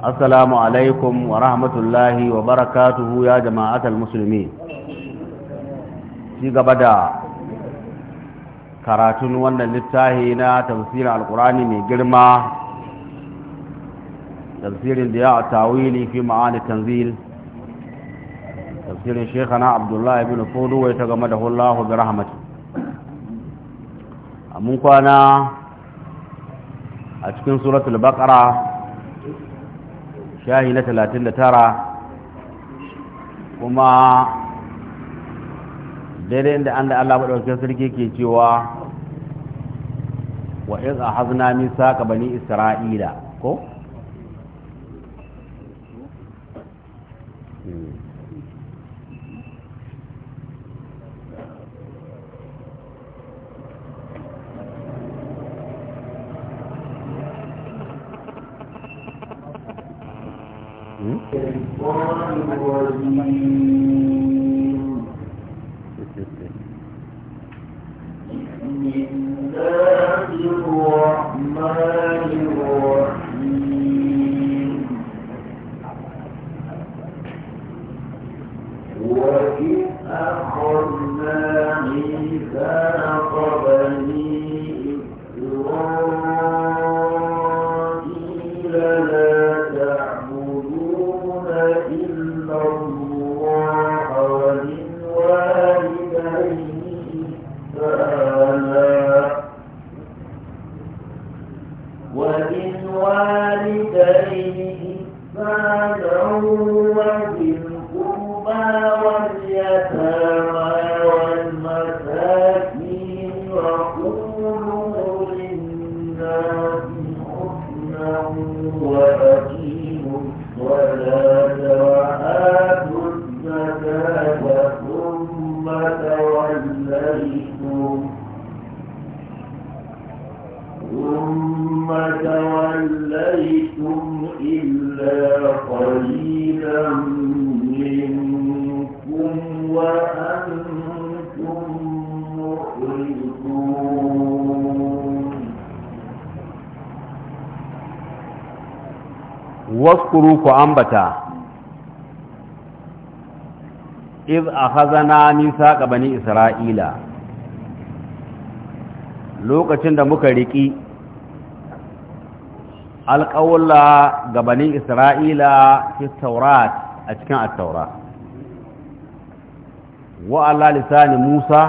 السلام عليكم ورحمة الله وبركاته يا musulmi المسلمين gaba da karatun wannan littafi na tafsirin alkurani mai girma tafsirin da ya a tawili fi ma'ani tanzil tafsirin shekana abdullahi bin fudu wai ta game da hullahu bi mun kwana a cikin suratul baqara shahi na 39 kuma daidai inda an da Allah maɗaukakin sarki ke cewa wa hazuna nisa ka bani isra'ila ko hmm. Mm-hmm. waskuru ku ambata iz akhazana nisa bani isra'ila lokacin da muka riki alƙawulla ga bani isra'ila fi taurat a cikin at-taura wa ala lisani musa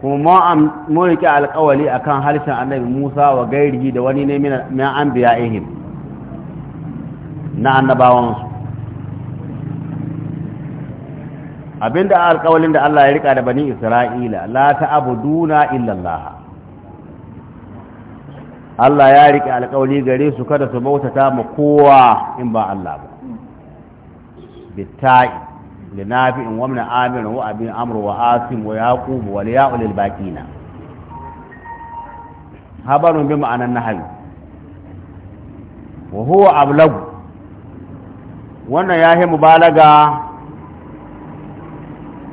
kuma mun riƙe alƙawali akan harshen annabi musa wa gairi da wani ne min an biya ihim na annabawansu abinda alƙawalin da Allah ya rika da bani Isra'ila la ta'buduna illa Allah Allah ya rike alƙawali gare su kada su bautata ma kowa in ba Allah ba bitai linafi in wamna amir wa abin amr wa asim wa yaqub wa liya'ul baqina habarun bi ma'anan nahl wa huwa ablagu wannan ya yi mubalaga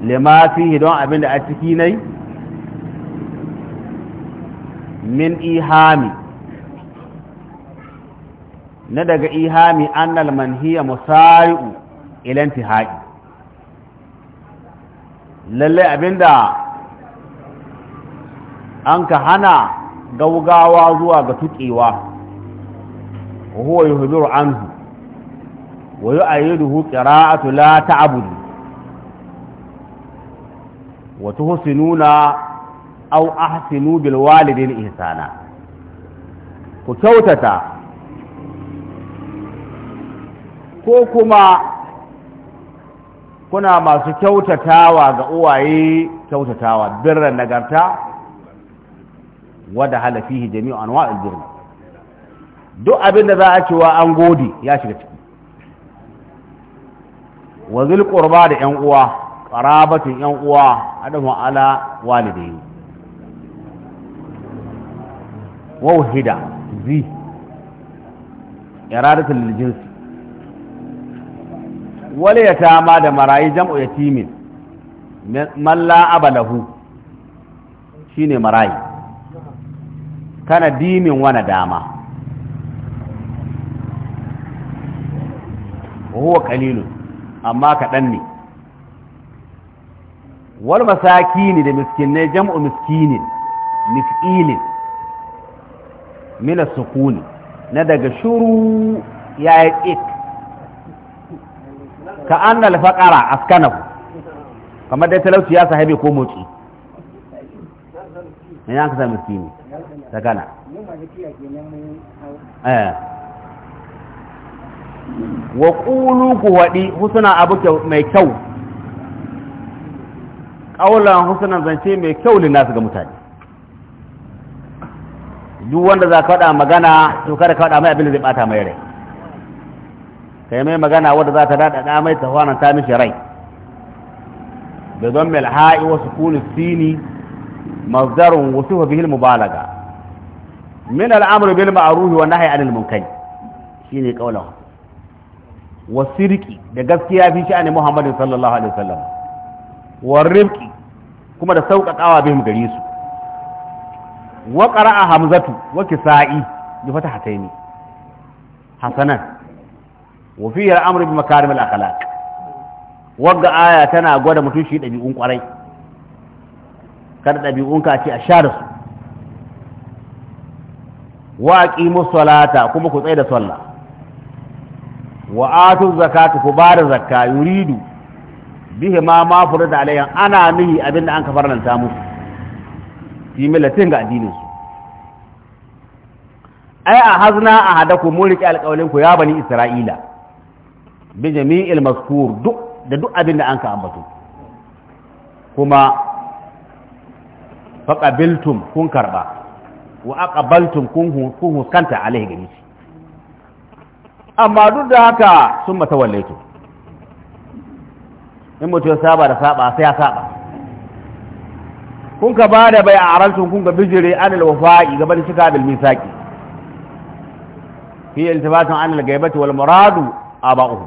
limafi don abin da a ciki nai min ihami na daga ihami annal manhiya musari'u ilan tihai lalle abinda an ka hana gaugawa zuwa ga tukewa huwa yuhduru anhu wa yu'ayyiduhu qira'atu la ta'budu wa tuhsinuna aw ahsinu bil walidin ihsana ku kyautata ko kuma kuna masu kyautatawa ga uwaye kyautatawa birran nagarta wadda halafihi jami'u anwa'il birni duk abin da za a wa an gode ya shiga ciki wa zil qurba da yan uwa qarabatin yan uwa adamu ala walidai wa wahida zi iradatul lil jins wal yatama da marayi jam'u yatimin man la abalahu shine marayi kana dimin wani dama وهو قليل amma kaɗan ne wal masakini da miskinai jam'u miskinin miskilin mina sukuni na daga shuru ya yi tsit ka an alfaƙara askanahu kamar dai talauci ya sahibi ko motsi ne ya kasa miskini ta gana eh. wa ƙulu ku waɗi husuna abu mai kyau ƙaunar husunan zance mai kyau lina su ga mutane duk wanda za ka waɗa magana to kada ka waɗa mai abin da zai ɓata mai rai kai mai magana wadda za ta daɗaɗa mai ta hwana ta mishi rai da don mai alha'i wasu kuni sini mazdarun wasu fa bihil mubalaga min al'amru bil ma'ruf wa nahyi anil shi shine ƙaunar wa sirki da gaskiya fi sha'ani Muhammadin sallallahu alaihi wasallam wa rifqi kuma da sauƙaƙawa bihim gare su wa qara'a hamzatu wa kisa'i bi fatahataini hasanan wa fi al-amru bi makarim al-akhlaq wagga aya tana gwada mutum shi ɗabi'un kwarai kada ɗabi'un ka ce a sha da su wa aqimu salata kuma ku tsaye da sallah wa atu zakata ku bada zakka yuridu bihi ma ma furida alayyan ana nihi abinda an kafarnanta musu fi millatin ga addinin su ai a hazna a hadaku mun rike alƙawalin ku ya bani isra'ila bi jami'il maskur duk da duk abinda an ka ambato kuma faqabiltum kun karba wa aqabaltum kun kun huskanta alaihi gani amma duk da haka sun mata wallaitu in mutu ya saba da saba sai ya saba kun ka ba da bai a arantun kun ga bijire anil wafa'i gaba da cika bil misaki fi iltifatun anil gaibati wal muradu aba'uhu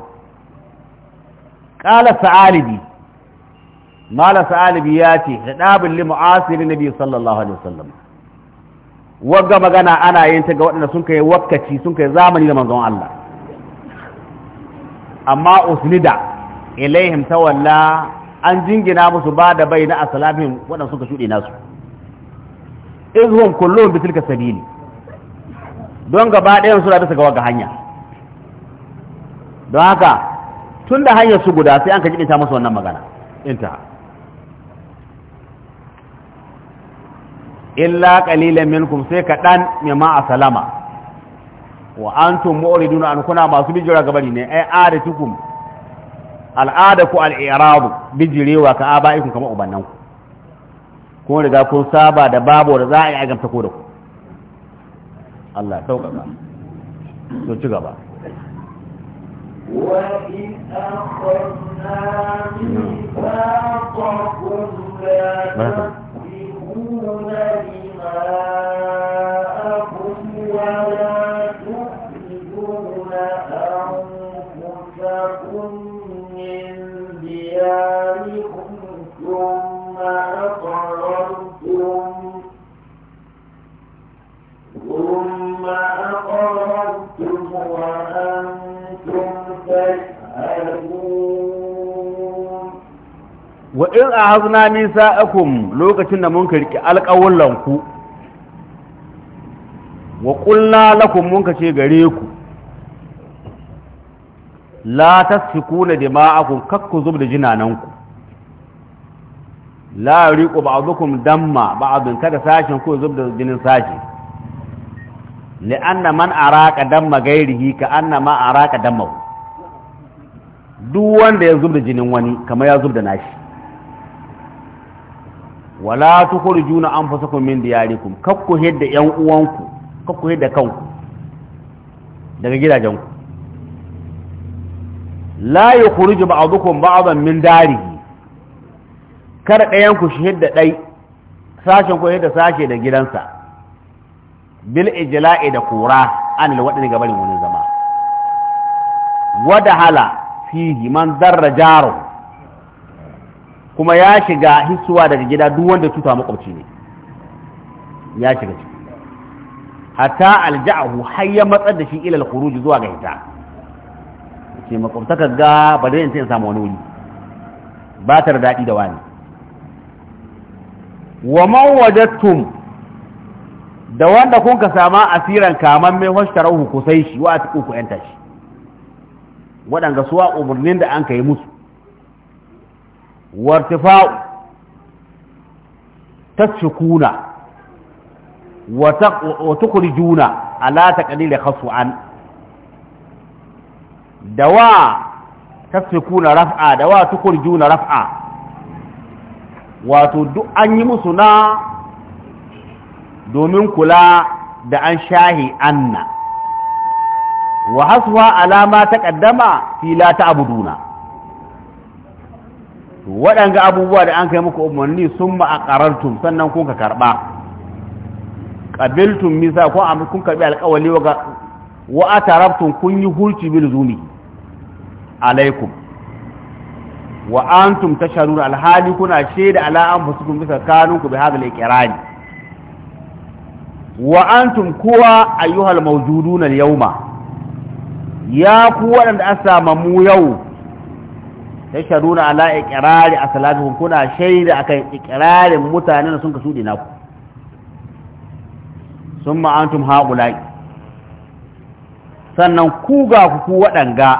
qala sa'alibi mala sa'alibi ya ce hidabul li mu'asirin nabi sallallahu alaihi wasallam wagga magana ana yin ta ga waɗanda sun kai wakkaci sun kai zamani da manzon Allah amma usnida ilaihim tawalla an jingina musu ba da bai na asalafin waɗansu suka shuɗe nasu izhum kullum bi sabili don gaba ɗayan suna bisa ga waga hanya don haka tun da hanyar su guda sai an ka ta musu wannan magana inta illa qalilan minkum sai kaɗan ma salama wa antum mu'riduna an kuna masu bijira gaba ne ai adatukum ku al'iradu bijirewa ka aba'ikum kamar ubannanku kun riga kun saba da babu da za a yi agamta ko da ku Allah sauƙaƙa to ci gaba وإذ أخذنا ميثاقكم لا تسرقون دماءكم ولا تفسدون wa in a hazna nisa'akum lokacin da mun karki alƙawullan ku wa ƙulla lakum mun kace gare ku la tasfikuna dima'akum kakku zub da jinananku la riqu ba'dukum damma ba'dun kada sashin ku zub da jinin sashi anna man araka damma gairihi ka anna ma araka damma duk wanda ya zub da jinin wani kamar ya zub da nashi wala tukhrijuna anfusakum min diyarikum kakku hedda yan uwanku kakku hedda kanku daga gidajenku la yukhruju ba'dukum ba'dan min darihi kar ɗayan ku shi hidda ɗai sashen ku hidda sashe da gidansa bil ijla'i da kura an alwadani gabarin wani zama wada hala fihi man darra jaruhu kuma ya shiga hisuwa daga gida duk wanda tuta makwabci ne ya shiga ciki hatta alja'ahu har ya matsar da shi ilal khuruj zuwa ga hita makwabta ka ga ba dai in samu wani wuri ba ta da daɗi da wani wa man wajadtum da wanda kun ka sama asiran kaman mai hoshtarahu ku sai shi wa ku ku yanta shi waɗanga suwa umarnin da an kai musu wartifa'u tashkuna wa tukhrijuna ala taqlil khaswan dawa tasfikuna raf'a dawa tukhrijuna raf'a wato duk an yi musu na domin kula da an shahi anna wa haswa alama taqaddama fi a ta'buduna waɗanga abubuwa da an kai muku umarni sun ma'aƙarartum sannan kun ka karɓa ƙabiltun misa kun karɓi alƙawali wa a tarabtun kun yi hulci bil zumi alaikum wa antum tasharuna alhali kuna shaida ala anfusikum bisa kanunku bi hadal iqrani wa antum kuwa ayyuhal mawjuduna al-yawma ya ku waɗanda asama mu yau tashaduna ala iqrari asalatuhum kuna shaida akan iqrarin mutanen sun ka shudi naku summa antum haulai sannan ku ga ku ku wadanga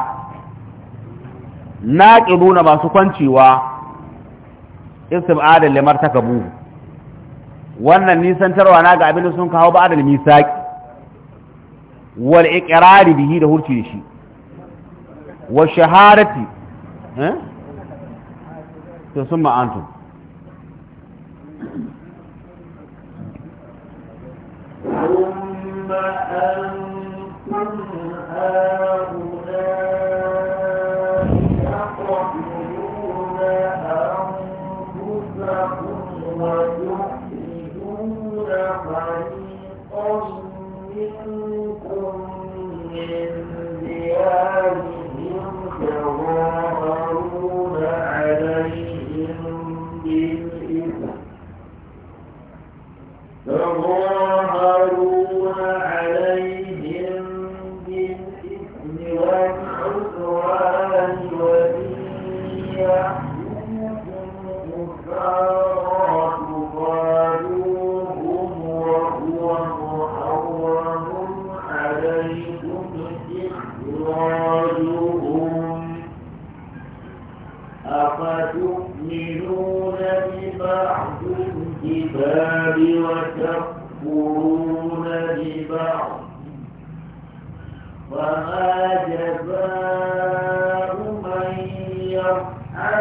naqiduna masu kwancewa istibada limar takabu wannan nisan tarwa na ga abin sun kawo ba da misaki wal iqrari bihi da hurci da shi wa shahadati Eh? to sun ma'antum ثم أنتم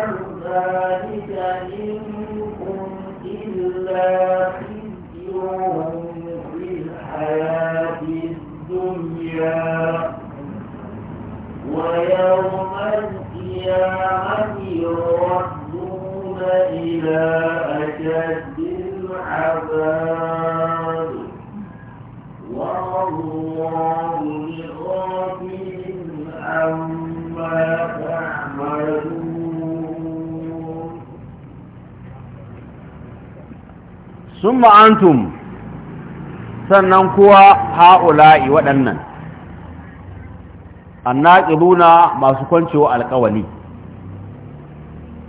الأرض sun ma'antum sannan kuwa ha'ula'i waɗannan annaƙiruna masu kwancewa alƙawali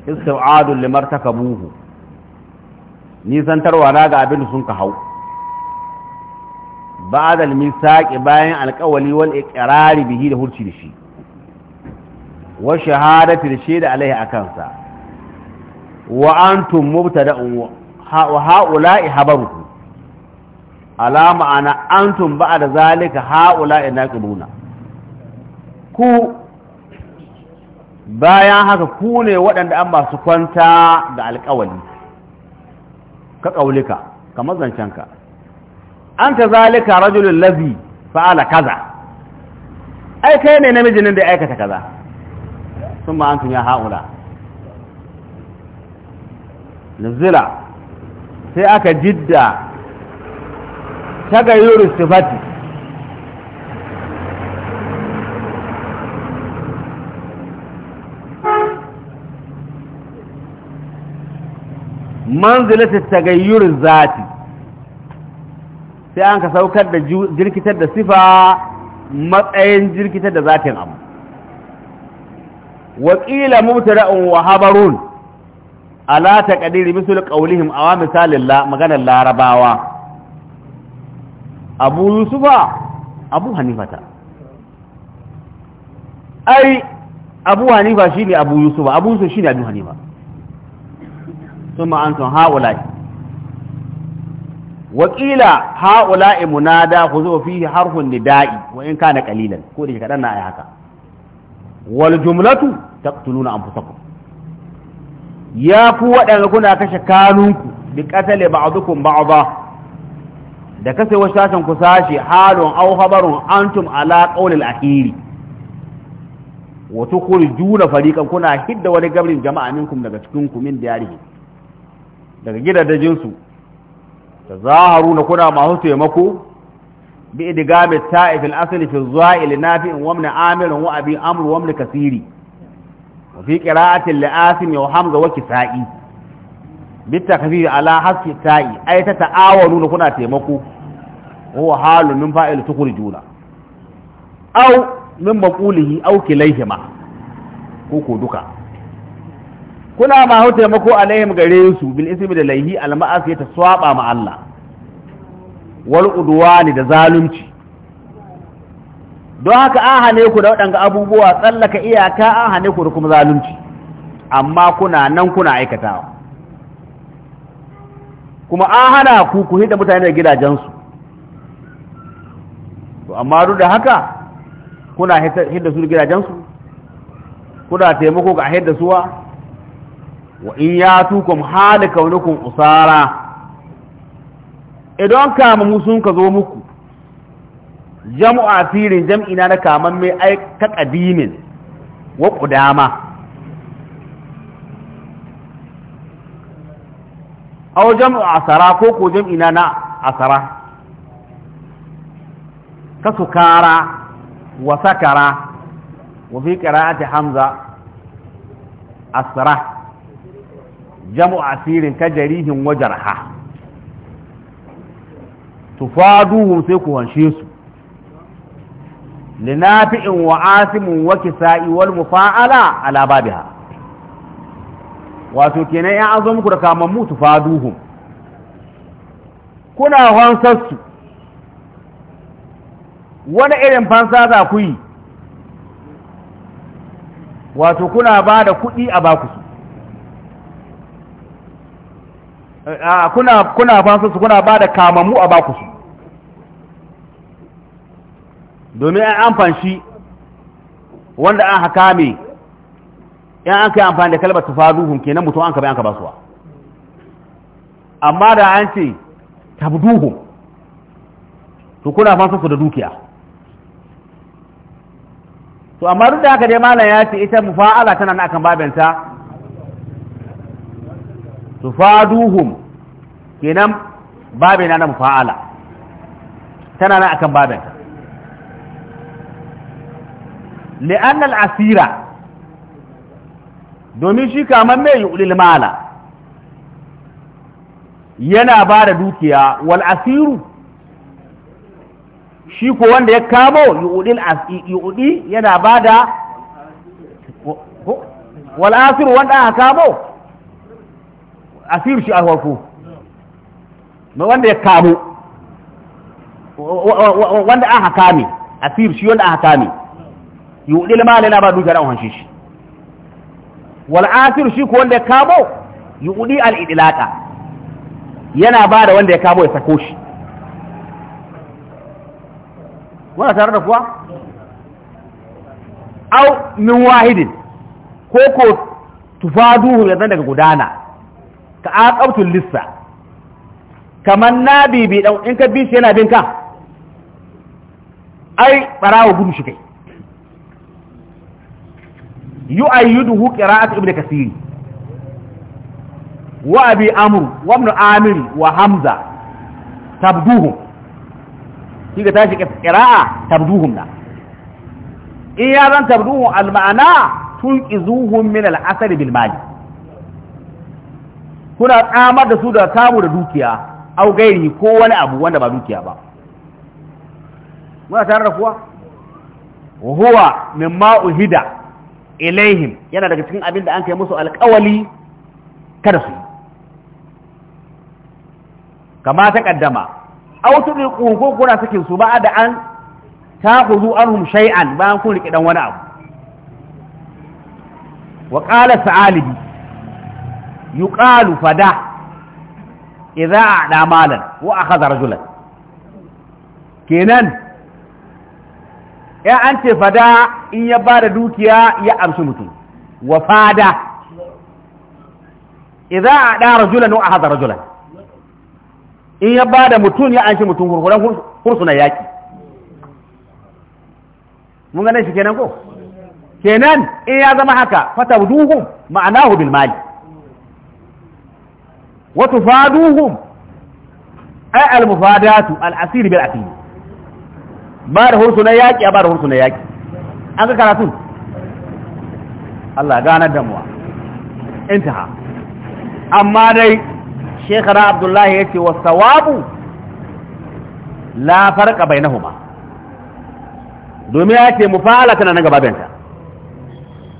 istab'adun limar buhu, nisantarwa na ga abin sun ka hau ba da misaƙi bayan alƙawali wal iƙirari bihi da hurci da shi wa shahadati da shaida alaihi akansa wa antum mubtada'un wa ha'ula'i habaru ala ma'ana antum ba'da zalika ha'ula'i naqibuna ku bayan haka ku ne waɗanda an su kwanta da alƙawali ka ƙaulika kamar zancenka an ta zalika rajulun lazi fa'ala kaza ai kai ne namijinin da aikata kaza sun ba antum ya ha'ula nazila sai aka jidda tagayyar sifati manzilata tagayyar zati sai an ka saukar da jirkitar da sifa matsayin jirkitar da zatin abu wakila mubtara'un wa habarun ala ta kadiri misul qaulihim awa misalin la maganar larabawa abu yusufa abu hanifata ai abu hanifa shine abu yusufa abu yusufa shine abu hanifa ثم أنتم هؤلاء وقيل هؤلاء منادى خذوا فيه حرف النداء وإن كان قليلا كوري كدنا والجملة تقتلون أنفسكم ya ku waɗanda kuna kashe kanunku bi katale ba'dukum ba'dha da kase wa shashan ku sashi halun aw habarun antum ala ahiri akhiri wa juna fariqan kuna hidda wani gabrin jama'a minkum daga cikin ku min diyarihi daga gidajen su na kuna ma hutu mako bi idgami ta'if asli fi dhail nafi'in wa amir wa abi amr wa kasiri وفي قراءة لآثم وحمزة وكسائي بالتخفيف على حذف التاء أي تتعاونون كنا تيمكو وهو حال من فاعل تخرجون أو من مقوله أو كليهما كوكو دكا kuna ma hau taimako alaihim gare su bil ismi da laihi al ma'asiyata swaba ma Allah wal udwani da zalunci don haka an hane ku da waɗanga abubuwa tsallaka iyaka an hane ku da kuma zalunci amma kuna nan kuna aikatawa kuma an hana ku ku hida mutane da gidajensu to amma duk da haka kuna hidda su da gidajensu kuna taimako ga hidda suwa wa in ya tukum hali kaunukum usara idan kama musun ka zo muku jam'u asirin jam'i na kaman mai aika ta qadimin wa qudama aw jam'u asara ko ko jam'i na na asara ka sukara wa sakara wa fi qira'ati hamza asara jam'u asirin ka jarihin ha tufa duhu sai ku wanshe su linafi'in wa asimin wa kisa'i wal mufa'ala ala wato kenan ya azo muku da kamammu tufaduhum kuna fansarsu wani irin fansa za ku yi wato kuna ba da kuɗi a baku su kuna kuna fansa kuna ba da kamammu a baku su domin an amfan shi wanda an haka mai yan an kai amfani da kalmar tafaduhun kenan mutum an ka bai an ba suwa amma da an ce tabduhun to kuna fansa su da dukiya to amma duk da haka dai malam ya ce ita mufa'ala tana nan akan babinta tufaduhum kenan babina na mufa'ala tana nan akan babinta li'annal asira domin shi kamar mai yu'lil mala yana ba da dukiya wal asiru shi ko wanda ya kamo yu'lil yu'di yana ba da wal asiru wanda aka kamo asiru shi alwarku wanda ya kamo wanda aka kame asiru shi wanda aka kame yudil mali na ba dukiyar an hanshe shi wal asir shi ko wanda ya kabo yudi al idlaqa yana ba da wanda ya kabo ya sako shi wannan tare da kuwa au min wahidin ko ko tufaduhu ya daga gudana ka aqabtul lissa kamar na bibi dan in ka bi shi yana bin ka ai barawo gudu shi kai yu'ayyiduhu qira'atu ibn kasir wa abi amr wa ibn amir wa hamza tabduhum kiga tashi qira'a tabduhum na in ya zan tabduhum al ma'ana min al asr kuna tsamar da su da kamu da dukiya au gairi ko wani abu wanda ba dukiya ba muna tare da kuwa huwa uhida ilaihim yana daga cikin abin da an kai musu alƙawali kada su kama ta kaddama aw tudriqu ko kuna sakin su ba da an ta'khudhu anhum shay'an an kun rike dan wani abu wa qala sa'alibi yuqalu fada idza a'da malan wa akhadha rajulan kenan ya an ce fada in ya ba da dukiya ya amshi mutum wa fada idan a da rajulan a ahadha rajulan in ya ba da mutum ya amshi mutum gurguran hursuna yaƙi? mun ganin shi kenan ko kenan in ya zama haka ma'ana ma'anahu bil mali wa faduhun ai al mufadatu al asir bil asir ba da hursu na yaƙi a ba da hursu na yaƙi an ga karatun Allah ganar da intaha amma dai shekara abdullahi ya ce wa sawabu la farka bai ba? domin ya ce mufala tana na gababenta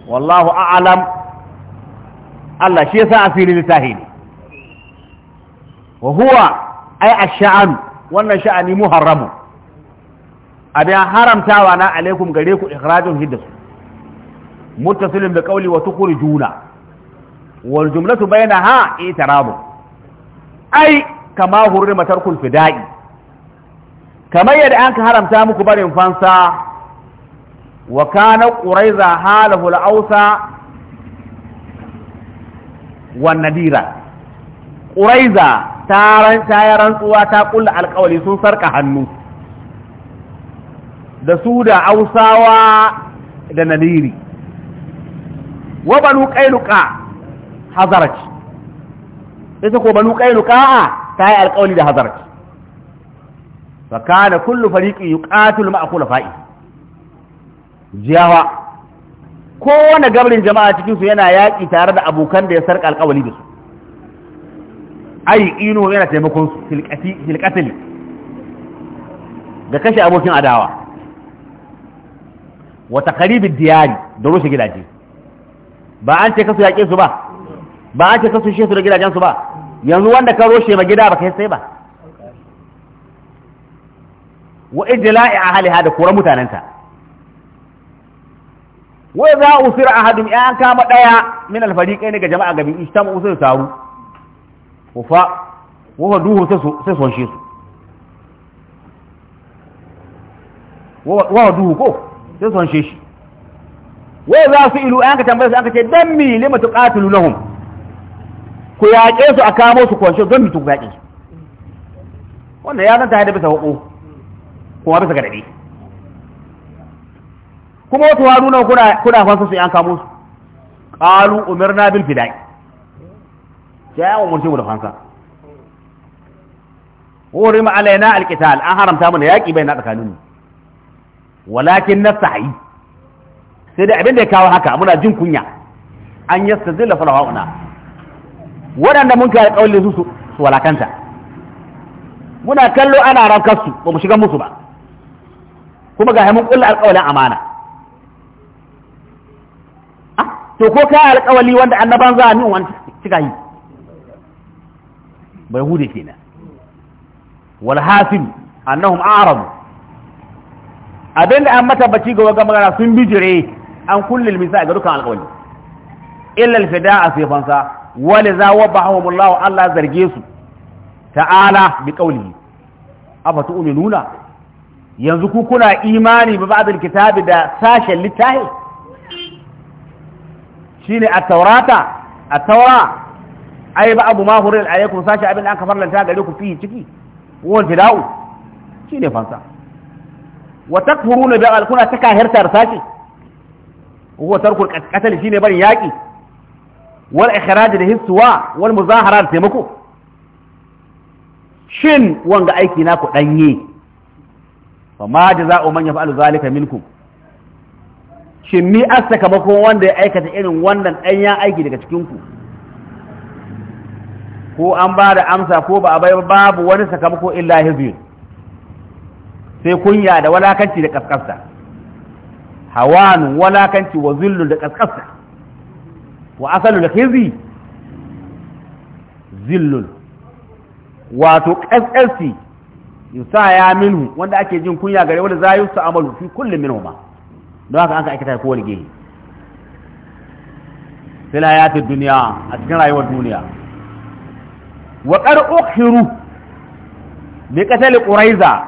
wallahu a'alam Allah shi yasa asiri littahi ne wa huwa ai a shaan wannan sha'ani muharramu abin haramtawa na alaikum gare ku ikhrajun hiddas muttasilin bi qawli wa tukhrijuna wal jumlatu bainaha itarabu ai kama hurrima tarkul fida'i kamar yadda an ka haramta muku barin fansa wa kana quraiza halahu al-ausa wan nadira quraiza ta rantsuwa ta kulla alƙawari sun sarka hannu da su da ausawa da naliri wa banu qainuqa hazarat ita ko banu qainuqa ta yi alƙawari da hazarat fa kana kullu fariqin yuqatil ma'a fa'i jiyawa wani gabrin jama'a cikin su yana yaƙi tare da abokan da ya sarka alƙawali da su ai ino yana taimakon su filqati filqatil da kashe abokin adawa wata karibin diyari da rushe gidaje ba an ce kasu yaƙe su ba ba an ce kasu shi su da gidajensu ba yanzu wanda ka rushe ma gida ba kai sai ba wa ijla'i ahliha da kura mutanenta wa za usir ahadum ya an kama daya min kai ne ga jama'a gabi istam usir taru wa fa wa duhu sai son shi su wa duhu ko sai son shi wai za su ilu an ka tambaye su aka ce dan mi lima tuqatilu lahum ku yaƙe su a kamo su kwanshe don mi tuqati wanda ya zanta da bisa hukku kuma bisa gadadi kuma wato haruna kuna kuna fansa su an kamo su qalu umirna bil fida'i ya umurce mu da fansa wurin alaina alqital an haramta mana yaƙi bai na tsakaninmu walakin na sa'i sai da abin da ya kawo haka muna jin kunya an yasta zila falawa'una waɗanda mun kare ƙaunin su su walakanta muna kallo ana rankarsu ba mu shiga musu ba kuma ga mun ƙulla alƙawalin amana ah, to ko kai alƙawali wanda annaban za a min wani cika yi bai hude kenan wal hasil annahum a'rabu abin da an matabbaci ga waga magana sun bijire an kullil misa ga dukkan alƙawari illa alfida a fansa wali za wa bahawumullahu Allah zarge su ta'ala bi qawlihi afa tu'minuna yanzu ku kuna imani bi ba'dil kitabi da sashen littahi shine at-taurata at-taura ai ba abu ma huril alaikum sashi abin da an kafarlanta gare ku fi ciki wal fida'u shine fansa wa takfuruna bi al kuna takahirtar sashi huwa tarkul qatl shine barin yaki wal ikhraj da hiswa wal muzahara da taimako shin wanga aiki na ku danye fa ma jaza'u man yaf'alu zalika minkum shin mi as sakamakon wanda ya aikata irin wannan danyen aiki daga cikin ku ko an ba da amsa ko ba a bai babu wani sakamako illa hizbun sai kunya da walakanci da kaskasta hawanu walakanci wa zullu da kaskasta wa asalu da khizi zillul wato kaskasti yusa ya minhu wanda ake jin kunya gare wanda za yusa amalu fi kulli minhuma don haka an ka aikata kowane gehe ya hayatid duniya a cikin rayuwar duniya wa qad ne bi ƙuraiza. quraiza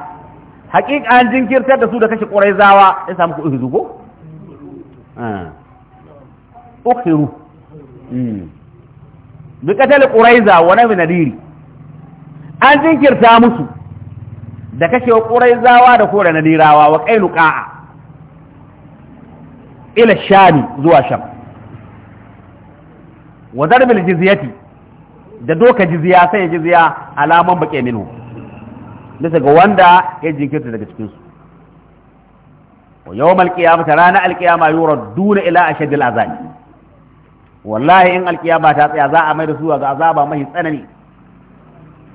hakika an jinkirtar da su da kashe ƙurai zawa ya samu kuɗin uhizu ko? Ah. uhiru hmm. bi katal zawa na nadiri an jinkirta musu da kashe ƙurai zawa da kore nadirawa wa ƙailu ƙa'a ila shani zuwa sham wa zarbil jizyati da doka jizya sai jizya alaman baƙe minhu bisa ga wanda ya jinkirta daga cikinsu su wa yawmal qiyamah rana alqiyama yuraduna ila ashadil azab wallahi in ba ta tsaya za a mai da su ga azaba mai tsanani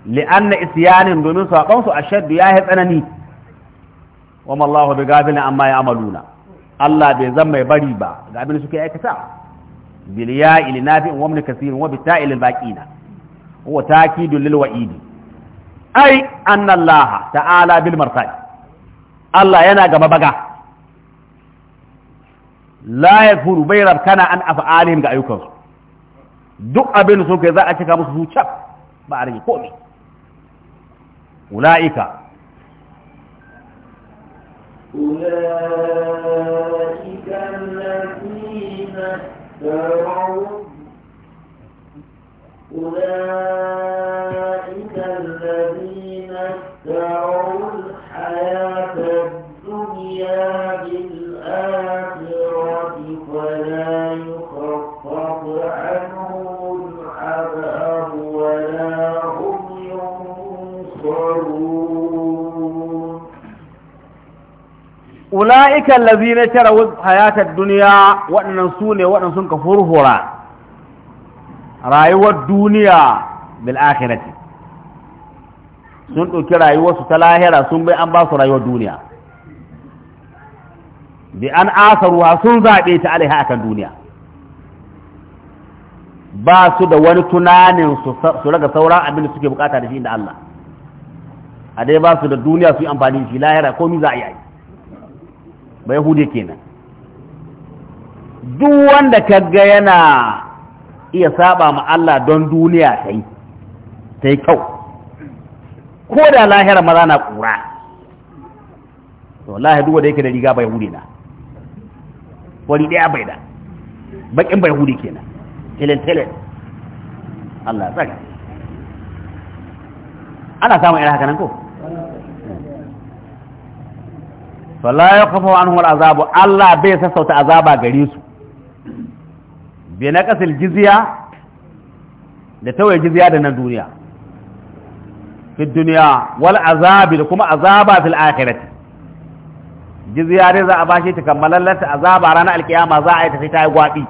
li'anna isyanin domin saƙon su ashaddu ya yi tsanani wa mallahu bi gafilin amma ya amaluna Allah bai zan mai bari ba ga abin suke aikata bil ya'il nafi'in wa min kasirin wa bi baqina huwa takidul lil wa'idi أي أن الله تعالى بالمرتاج الله ينقى مبقى لا يكون بير كان أن أفعالهم كأيوكوز دق بين سوك إذا أشكا مصفوشك بعرف يقول أولئك أولئك الذين تروا أولئك ula'ikan lazina tara hayatar duniya waɗannan su ne waɗannan sun ka furfura rayuwar duniya bil akhirati sun ɗauki rayuwarsu ta lahira sun bai an ba su rayuwar duniya bi an ruwa sun zaɓe ta alaiha akan duniya ba su da wani tunanin su raga sauran abin da suke bukata da shi inda Allah a dai ba su da duniya su yi amfani shi lahira ko za a yi ba yahudi kenan duk wanda ga yana iya saba ma Allah don duniya ta yi ta yi kyau ko da lahira maza na ƙura to lahira duk wanda yake da riga ba yahudi na wani ɗaya bai da bakin ba yahudi kenan tilin tilin Allah tsaka ana samun irin haka nan ko fala ya kafa anhum azabu Allah bai sassauta azaba gare su bi na kasil jizya da tawaye jizya da nan duniya fi duniya wal azabi da kuma azaba fil akhirati jizya dai za a bashi ta kammalallata azaba ranar alkiyama za a yi tafi ta yi gwabi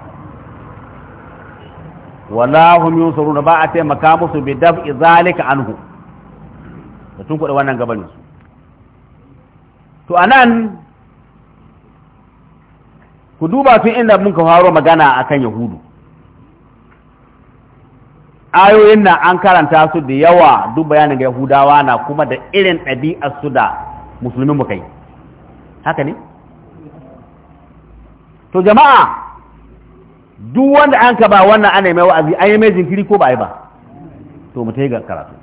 wala hum yunsaruna ba a taimaka musu bi daf'i zalika anhu da tun kuɗa wannan gabanin su to a nan, ku duba tun inda mun ka faro magana akan yahudu ayoyin nan an karanta su da yawa duk bayanin ga yahudawa na kuma da irin ɗabi'ar su da musulmin mu kai haka ne to jama'a duk wanda an ka ba wannan ana mai wa'azi an yi mai jinkiri ko ba yi ba to mu ta karatu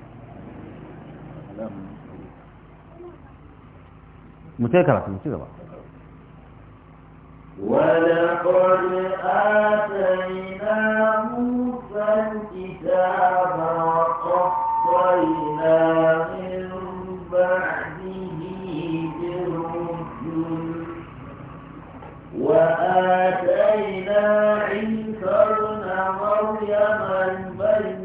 mu ce karatu mu ci gaba ولقد آتينا موسى الكتاب وقصينا من بعده بالرسل وآتينا عيسى ابن مريم البيت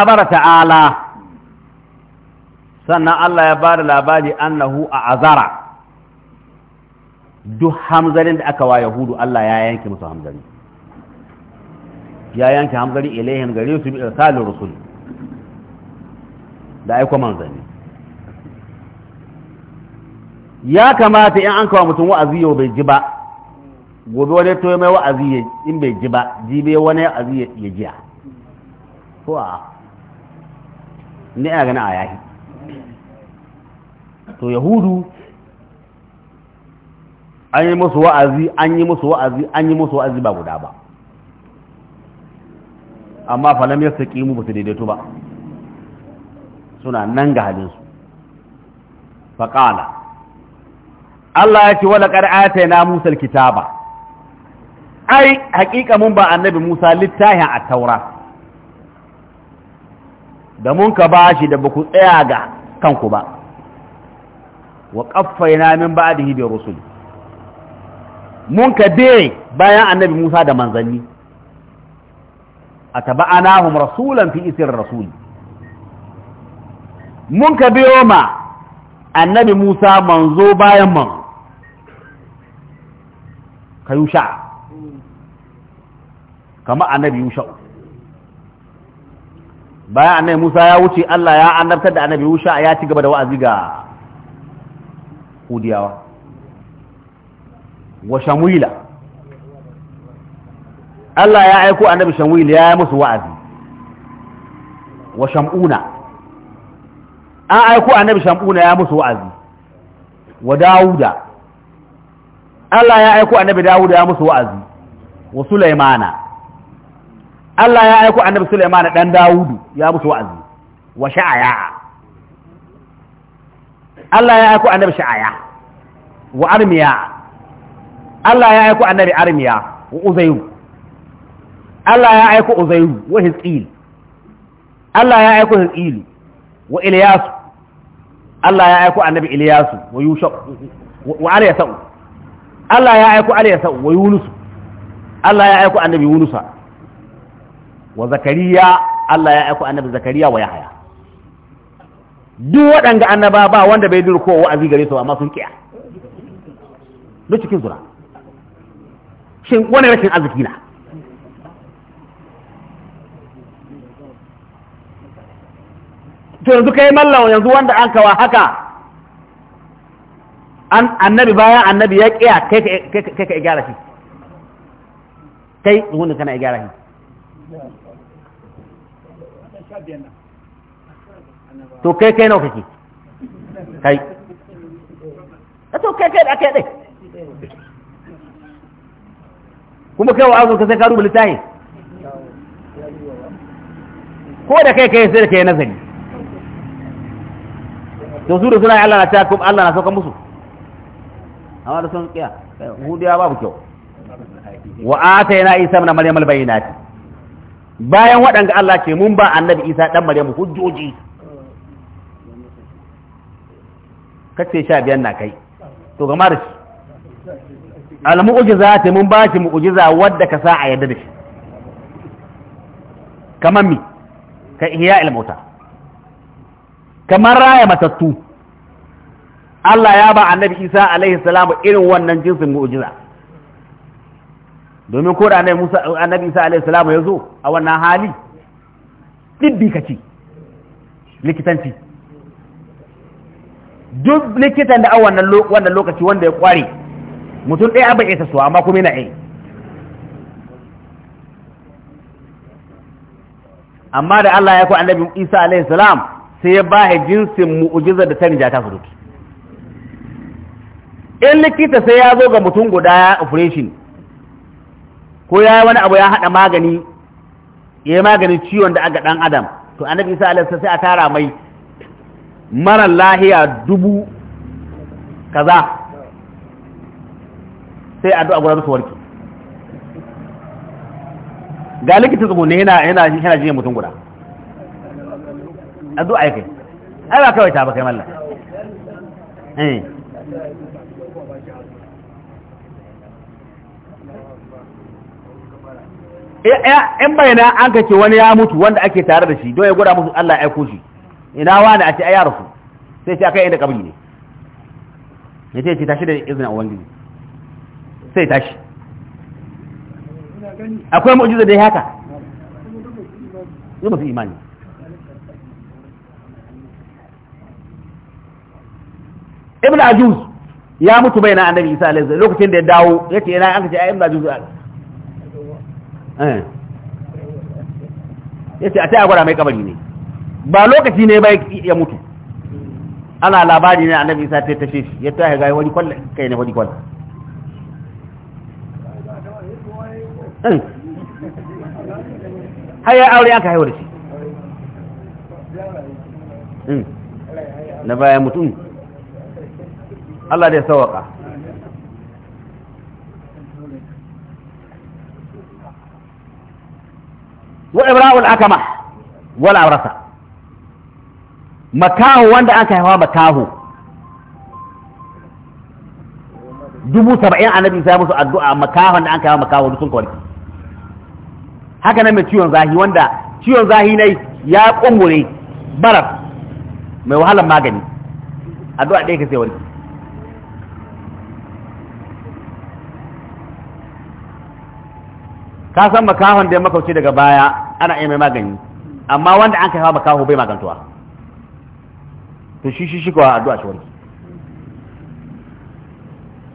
akhbara ta'ala sannan Allah ya bada labari annahu a azara duk hamzarin da aka wa yahudu Allah ya yanke musu hamzari ya yanke hamzari ilayhim gare su bi irsalin rusul da aiko manzani ya kamata in an kawo mutum wa'azi yau bai ji ba gobe wani to mai wa'azi in bai ji ba jibe wani wa'azi ya jiya ko a ne a gana a yahi to yahudu an yi musu wa'azi an yi musu wa'azi an yi musu wa'azi ba guda ba amma falam ya saki mu bata daidaito ba suna nan ga halinsu faƙala Allah ya ce wala ƙar'ata na musar kitaba ai haƙiƙa mun ba annabi musa littafin a taura da mun ka bashi da ku tsaya ga kanku ba wa qaffaina min ba'dihi bi rusul mun ka be bayan annabi Musa da manzanni ataba'anahum rasulan fi isir rasul mun ka biyo ma annabi Musa manzo bayan man kayusha kama annabi yusha'u bayan annabi Musa ya wuce Allah ya annabtar da annabi Musa ya ci gaba da wa'azi ga Hudiyawa wa Shamuila Allah ya aiko annabi Shamuil ya yi musu wa'azi wa Shamuna an aiko annabi Shamuna ya musu wa'azi wa Dawuda Allah ya aiko annabi Dawuda ya musu wa'azi wa Sulaimana Allah ya aiko annabi Sulaiman dan Dawudu ya musu wa'azi wa sha'aya Allah ya aiko annabi sha'aya wa armiya Allah ya aiko annabi armiya wa uzayyu Allah ya aiko uzayyu wa hisqil Allah ya aiko hisqil wa ilyas Allah ya aiko annabi ilyas wa yusha wa aliyasau Allah ya aiko aliyasau wa yunus Allah ya aiko annabi yunusa wa zakariya Allah ya aiko annabi zakariya wa yahaya duk waɗanda annaba ba wanda bai ko wa'azi gare su amma sun kiya duk cikin zura shin wani rashin arziki na to yanzu kai mallawa yanzu wanda an kawa haka annabi bayan annabi ya kiya kai ka gyara shi kai wani kana gyara shi to kai kai nawa kake kai to kai kai da kai dai kuma kai wa'azin ka sai ka rubuta littafi ko da kai kai sai da kai nazari to su da suna yi Allah na ta kuma Allah na sauka musu amma da sun kiya hudiya babu kyau wa atayna isa ibn maryam al-bayyinati bayan waɗanda Allah ke mun ba annabi isa ɗan maryamu hujjoji kace sha biyan na kai to gama da shi al-mu'jiza ta mun ba shi mu'jiza wadda ka sa a yadda da shi kamar mi ka ihya al-mauta kamar raya matattu Allah ya ba annabi Isa alaihi salamu irin wannan jinsin mu'jiza domin ko da nai Musa annabi Isa alaihi salam ya zo a wannan hali dibbi kace likitanci duk likitan da a wannan wannan lokaci wanda ya kware mutum ɗaya bai isa su amma kuma yana yi amma da Allah ya ku annabi Isa alaihi salam sai ya bahe jinsin mu'jiza da ta rija ta furuki in likita sai ya zo ga mutum guda ya operation ko ya yi wani abu ya haɗa magani ya yi maganin ciwon da aga ɗan adam to annabi isa alaihi sai a tara mai mara lahiya dubu kaza sai a du'a gudanar su warke ga likita ne yana yana yana jiya mutum guda addu'a yake ai ba kawai ta ba kai mallan eh Eh, eh, in na an kace wani ya mutu wanda ake tare da shi don ya gwada musu Allah ya aiko shi ina wani a ce ya rasu sai ce akai inda kabri ne ya ce ce tashi da a ubangiji sai tashi akwai mu'jiza da haka yi masu imani ibn ajuz ya mutu bai na annabi isa alaihi lokacin da ya dawo yace ina an kace ai ibn ajuz Eh. ya ce a ta gwada mai kabari ne ba lokaci ne bai ya mutu ana labari ne annabi isa ta tashe shi ya tashi ga wani kwalla kai ne wani kwalla eh. haya ya aure aka haihu da shi eh. na bayan mutum Allah da ya sawaka wa ibra'ul akama wal abrasa makahu wanda aka wa makahu dubu saba'in annabi sai musu addu'a makahon da aka haifa makahu sun kwarki haka nan mai ciwon zahi wanda ciwon zahi ne ya kungure barar mai wahalan magani addu'a ɗaya ka sai wani. ka san makahon da ya makauci daga baya ana iya mai magani amma wanda an kai makaho bai magantuwa to shi shi shi kawai addu'a shi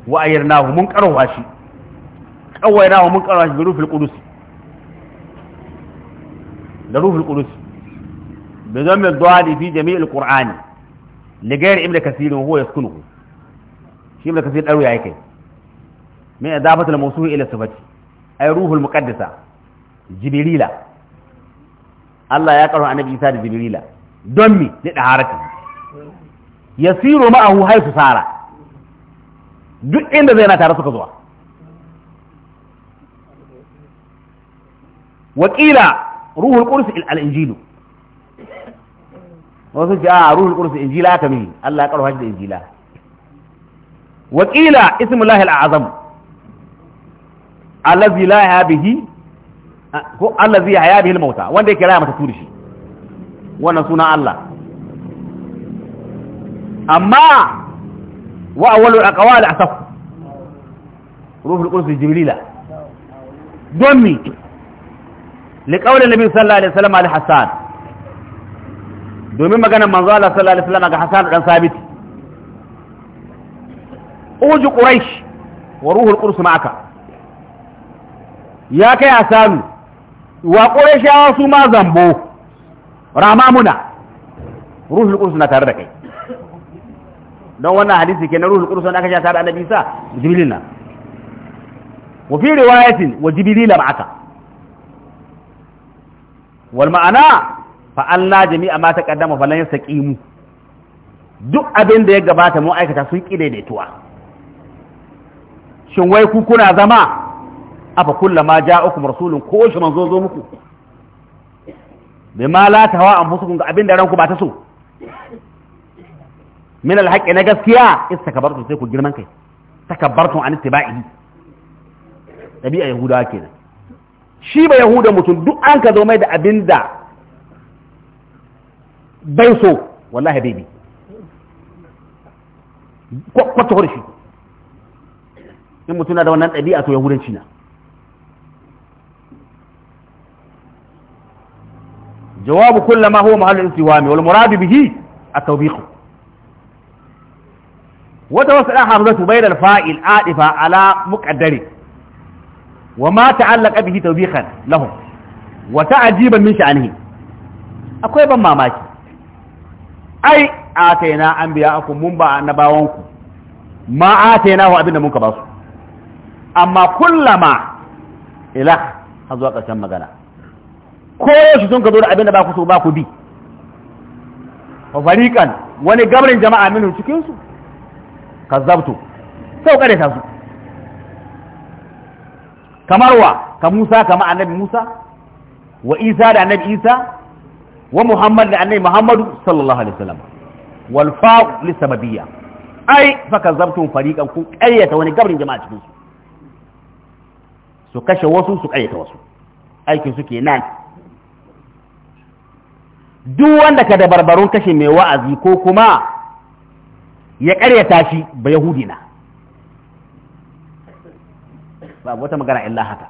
wani wa hu mun karwa shi hu mun karwa shi rufil qudus da rufil qudus bi dhammi ad-dali fi jami' al-qur'ani li ghayr ibn kathir huwa yaskunuhu shi ibn kathir daru yake mai idafatu al-mawsu'i ila sifati ay ruhul muqaddisa. jibrila Allah ya karo annabi Isa da jibrila don mi da daharatin yasiru ma'ahu haythu sara duk inda zai na tare suka zuwa wakila ruhul qudus al-injilu wasu ce a ah, ruhul qudus injila ta mi Allah ya karo hajji da injila wakila ismullahi al-azam allazi la ya bihi ah, ko allazi ya bihi mauta wanda yake raya mata shi wannan suna Allah amma wa awwalul aqwal asaf ruhul qudus jibrila don mi li qawli nabi sallallahu alaihi wasallam al hasan domin maganar manzo Allah sallallahu alaihi wasallam ga hasan dan sabit uju quraish wa ruhul qudus ma'aka ya kai a samu wa ƙoyashawa su ma zambo rama muna ruhul ƙursu na tare da kai don wannan hadisi ke na ruhul ƙursu na aka sha tare annabi isa jibilin nan wa fi riwayatin wa jibilila ma'aka wal ma'ana fa Allah jami'a ma taqaddama falan mu. duk abin da ya gabata mu aikata sun ƙi daidaituwa shin wai ku kuna zama afa ja uku rasulun ko shi manzo zo muku bai bima la an anfusukum ga abinda ranku ba ta so min alhaqi na gaskiya istakabartu sai ku girman kai takabbartu an ittiba'i dabi'a yahudawa kenan shi ba yahuda mutum duk an ka zo mai da abinda bai so wallahi bai bi kwata shi in mutum na da wannan ɗabi'a to yahudanci na jawabu kulla ma huwa mahallu istiwami wal muradu bihi at-tawbiq wa tawassala hamzatu bayna al-fa'il adifa ala muqaddari wa ma ta'allaqa bihi tawbiqan lahum wa ta'jiban min sha'anihi akwai ban mamaki ai ataina anbiya'akum mun ba annabawanku ma ataina hu abinda muka ba su amma kullama ila har zuwa ƙarshen magana ko yaushe sun ka zo da abin da ba ku so ba ku bi fa fariqan wani gabrin jama'a minhu cikin su kazzabtu sau kare ta su kamar wa ka Musa kama annabi Musa wa Isa da annabi Isa wa Muhammad da annabi Muhammadu sallallahu alaihi wasallam wal fa'u lisababiyya ai fa kazzabtum fariqan ku qaryata wani gabrin jama'a cikin su su kashe wasu su qaryata wasu aikin su nan. duk wanda ka da barbarun kashe mai wa'azi ko kuma ya karya shi ba yahudi na ba wata magana illa haka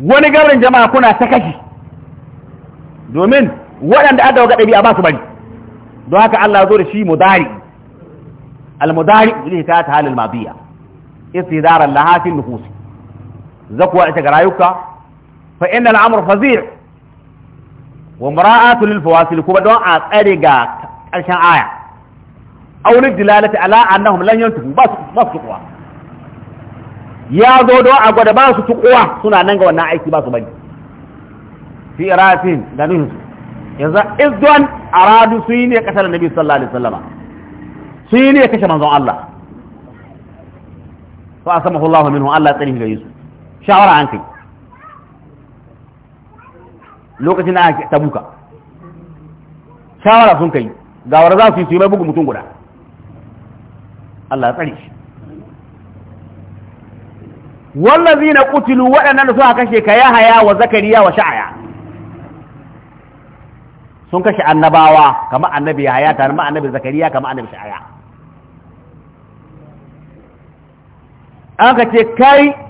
wani gaurin jama'a kuna ta kashi domin waɗanda aka ga a ba su bari don haka Allah zo da shi mudari al-mudari ilai ta ta halil madiya istidaran laha nufusi zakuwa ita ga rayuka fa innal amru fazi' wa mara'atu lil fawasil kuma don a tsare ga karshen aya aulid dilalati ala annahum lan yantahu ba su ba su kuwa ya zo don a gwada ba su tukuwa suna nan ga wannan aiki ba su bari fi irafin da nuhin su yanzu izdon aradu su yi ne kasar nabi sallallahu alaihi wasallama su yi ne kashe manzon Allah fa asamahu Allah minhu Allah tsari ga Yusuf shawara an kai lokacin da ta buka shawara sun kai ga wara za su yi su yi mai bugu mutum guda Allah ya tsare shi wallazi na kutilu waɗannan da suka kashe ka haya wa zakariya wa sha'aya sun kashe annabawa kama annabi haya tare ma annabi zakariya kama annabi sha'aya an ka ce kai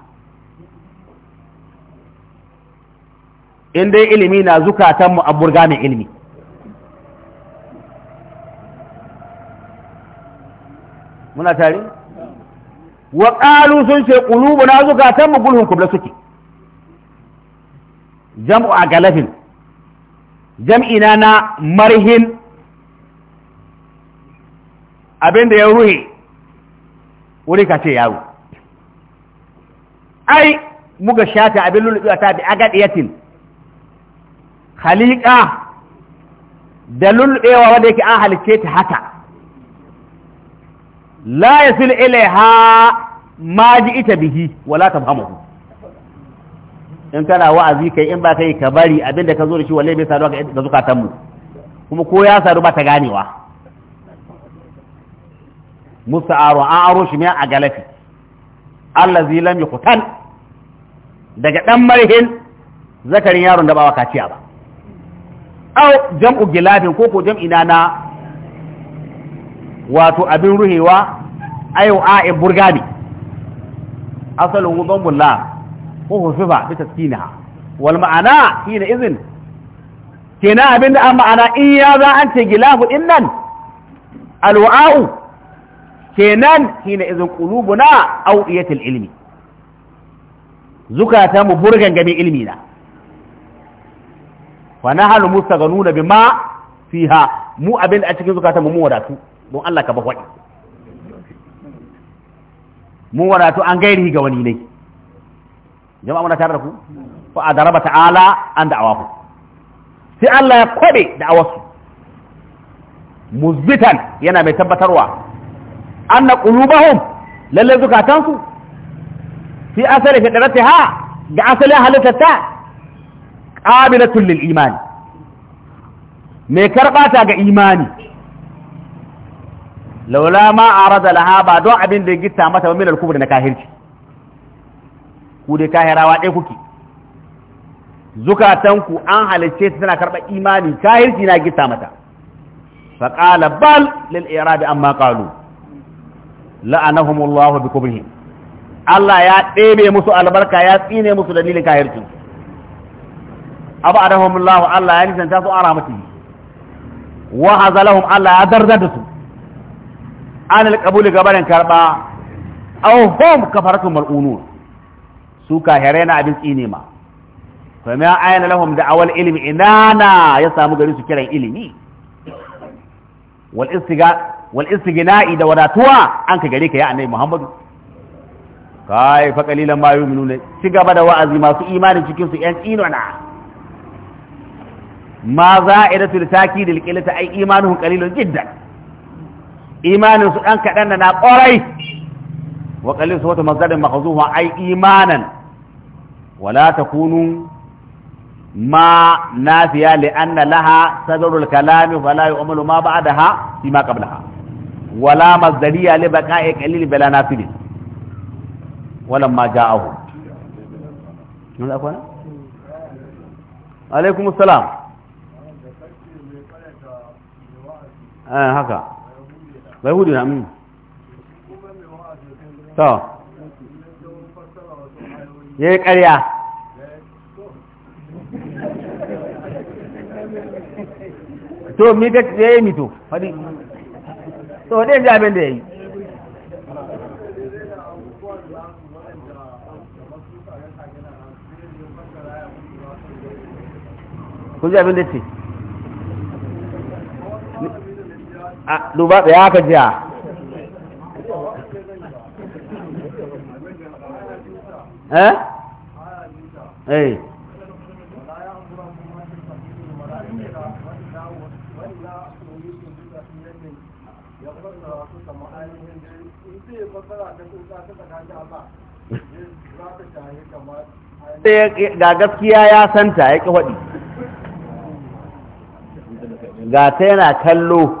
in dai ilimi na zukatanmu a burga mai ilimi muna tare wa ƙalu sun ce ƙulubu na zukatanmu gulhun kubla suke jam'u a galafin jam'ina na marhin abin da ya ruhe wuri ka ce yawo ai muga shata abin lulluɓe ta bi agadiyatin khaliqa da lulluɓewa wanda yake an halice ta haka la yasil ilaiha ma ji ita bihi wala ku. in kana wa'azi kai in ba yi ka bari abinda ka zo da shi wallahi bai saduwa ga zukatan mu kuma ko ya sadu ba ta ganewa aro an aro shi ne a galafi allazi lam kutan daga ɗan marhin zakarin yaron da ba kaciya ba au jam'u gilabin ko ko jam'i na na wato abin ruhewa ayo a'in burgami asalin wudon bulla ko hufifa bi taskina wal ma'ana hina izin kenan abin da an ma'ana in ya za an ce gilabu din nan alwa'u kenan hina izin qulubuna au iyatul ilmi zukata mu burgan game ilmi na fa nahnu mustaghununa bima fiha mu abin da a cikin zukatan mu wadatu don Allah ka ba wadi mu wadatu an gairi ga wani ne jama'a muna tare da ku fa adaraba ta'ala an da da'awahu sai Allah ya kwabe da'awarsu muzbitan yana mai tabbatarwa an anna qulubahum lalle zukatansu fi asali ha ga asali asalin halittata qabilatul lil imani mai karbata ga imani laula ma arada laha ba don abin da gita mata wa milal kubur na kahirci ku dai kahirawa ɗaya kuke zukatanku an halicce su tana karɓar imani kahirci na gita mata faƙala bal lil irabi amma qalu la'anahumullahu bi kubrihim Allah ya ɗebe musu albarka ya tsine musu dalilin kahircin abadahum Allah Allah ya nisanta su an rahmatihi wa hazalahum Allah ya darda da su an alqabul gabanin karba aw hum kafaratu mal'unun su kahirai na abin tsine ma fa ma ayana lahum awal ilimi inana ya samu gari su kiran ilimi wal istiga istigna'i da wadatuwa an ka gare ka ya annabi Muhammadu kai fa qalilan ma yu'minuna ci gaba da wa'azi masu imani cikin su yan tsinona ma za'idatu takid alqilata ay imanuhum qalilun jiddan imanin su dan kadan na qorai wa qalil su wata mazdarin mahzufa ay imanan wala takunu ma nafiya li anna laha sadarul kalami fala yu'malu ma ba'daha bima qablaha wala ولما جاءه عليكم السلام Eh, haka bai hudu na min to ya yi karya to mi ya yi mito faɗi to ɗaya ji abin da ya yi kun ji abin da ce a duba da ya ka jiya eh eh ga gaskiya ya santa ya ƙi waɗi ga ta yana kallo